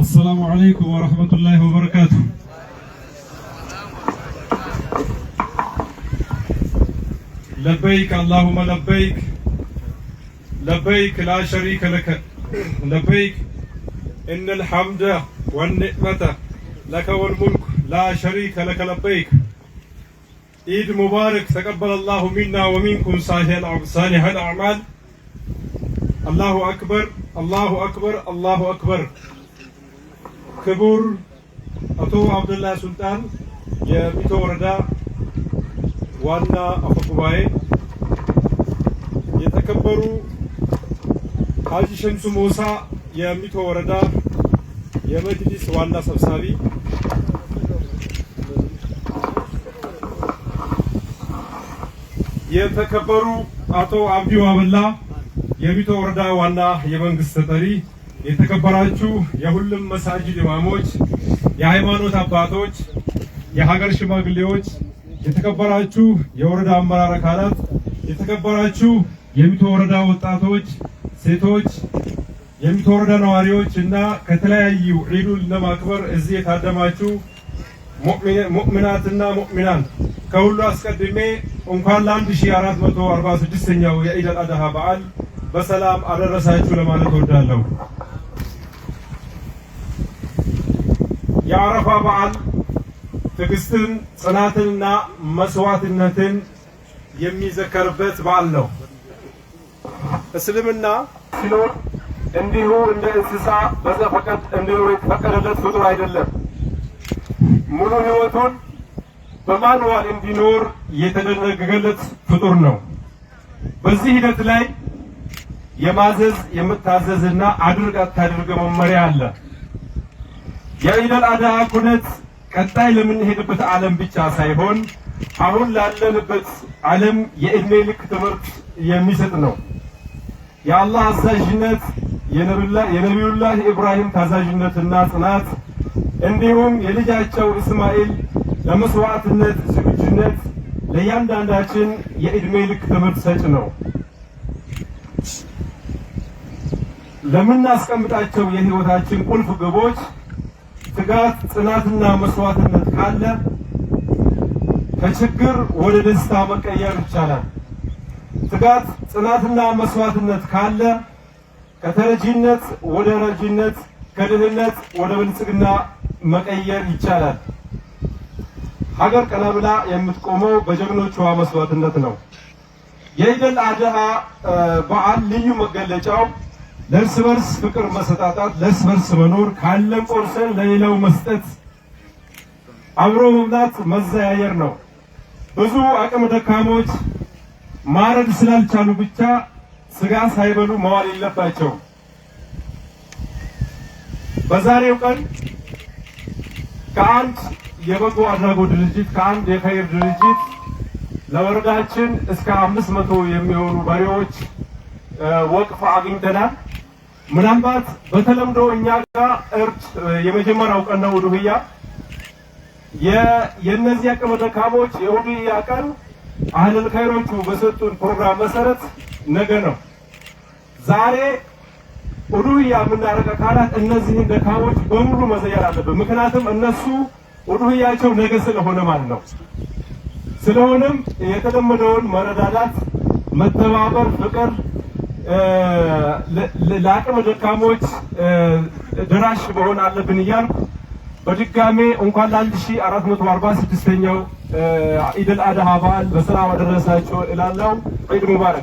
السلام عليكم ورحمة الله وبركاته لبيك اللهم لبيك لبيك لا شريك لك لبيك إن الحمد والنعمة لك والملك لا شريك لك لبيك عيد مبارك تقبل الله منا ومنكم صالح الأعمال አላሁ አክበር አላሁ አክበር አላሁ አክበር። ክቡር አቶ አብደላ ሱልጣን የሚቶ ወረዳ ዋና አፈ ጉባኤ፣ የተከበሩ ሀጂ ሸምሱ ሞሳ የሚቶ ወረዳ የመጅሊስ ዋና ሰብሳቢ፣ የተከበሩ አቶ አብዲው አበላ የቢቶ ወረዳ ዋና የመንግስት ተጠሪ፣ የተከበራችሁ የሁሉም መሳጅድ ኢማሞች፣ የሃይማኖት አባቶች፣ የሀገር ሽማግሌዎች፣ የተከበራችሁ የወረዳ አመራር አካላት፣ የተከበራችሁ የቢቶ ወረዳ ወጣቶች፣ ሴቶች፣ የቢቶ ወረዳ ነዋሪዎች እና ከተለያዩ ዒዱን ለማክበር እዚህ የታደማችሁ ሙእሚናትና ሙእሚናን ከሁሉ አስቀድሜ እንኳን ለ1446ኛው የኢድ አል አድሃ በዓል በሰላም አደረሳችሁ ለማለት እወዳለሁ። የአረፋ በዓል ትዕግስትን፣ ጽናትንና መስዋዕትነትን የሚዘከርበት በዓል ነው። እስልምና ሲኖር እንዲሁ እንደ እንስሳ በዘፈቀድ እንዲኖር የተፈቀደለት ፍጡር አይደለም። ሙሉ ሕይወቱን በማንዋል እንዲኖር የተደነገገለት ፍጡር ነው። በዚህ ሂደት ላይ የማዘዝ የምታዘዝና አድርግ አታድርግ መመሪያ አለ። የኢደል አድሃ ኩነት ቀጣይ ለምንሄድበት ዓለም ብቻ ሳይሆን አሁን ላለንበት ዓለም የእድሜ ልክ ትምህርት የሚሰጥ ነው። የአላህ አዛዥነት የነቢዩላህ ኢብራሂም ታዛዥነትና ጽናት እንዲሁም የልጃቸው እስማኤል ለመስዋዕትነት ዝግጁነት ለእያንዳንዳችን የእድሜ ልክ ትምህርት ሰጭ ነው። ለምናስቀምጣቸው የህይወታችን ቁልፍ ግቦች ትጋት፣ ጽናትና መስዋዕትነት ካለ ከችግር ወደ ደስታ መቀየር ይቻላል። ትጋት፣ ጽናትና መስዋዕትነት ካለ ከተረጂነት ወደ ረጂነት፣ ከድህነት ወደ ብልጽግና መቀየር ይቻላል። ሀገር ቀና የምትቆመው በጀግኖቿ መስዋዕትነት ነው። የኢደል አድሃ በዓል ልዩ መገለጫው ለእርስ በርስ ፍቅር መሰጣጣት፣ ለእርስ በርስ መኖር፣ ካለን ቆርሰን ለሌላው መስጠት፣ አብሮ መብላት መዘያየር ነው። ብዙ አቅም ደካሞች ማረድ ስላልቻሉ ብቻ ስጋ ሳይበሉ መዋል የለባቸውም። በዛሬው ቀን ከአንድ የበጎ አድራጎት ድርጅት ከአንድ የከይር ድርጅት ለወረዳችን እስከ አምስት መቶ የሚሆኑ በሬዎች ወቅፍ አግኝተናል። ምናልባት በተለምዶ እኛ ጋር እርድ የመጀመሪያው ቀን ነው ኡድህያ። የእነዚህ አቅመ ደካሞች የኡድህያ ቀን አህለል ካይሮቹ በሰጡን ፕሮግራም መሰረት ነገ ነው። ዛሬ ኡድህያ የምናደርግ አካላት እነዚህን ደካሞች በሙሉ መዘየር አለብን። ምክንያቱም እነሱ ኡድህያቸው ነገ ስለሆነ ማለት ነው። ስለሆነም የተለመደውን መረዳዳት፣ መተባበር፣ ፍቅር ለአቅመ ደካሞች ደራሽ መሆን አለብን እያልኩ በድጋሜ እንኳን ለአንድ ሺህ አራት መቶ አርባ ስድስተኛው ኢድል አድሃ በዓል በሰላም አደረሳችሁ እላለሁ። ዒድ ሙባረክ።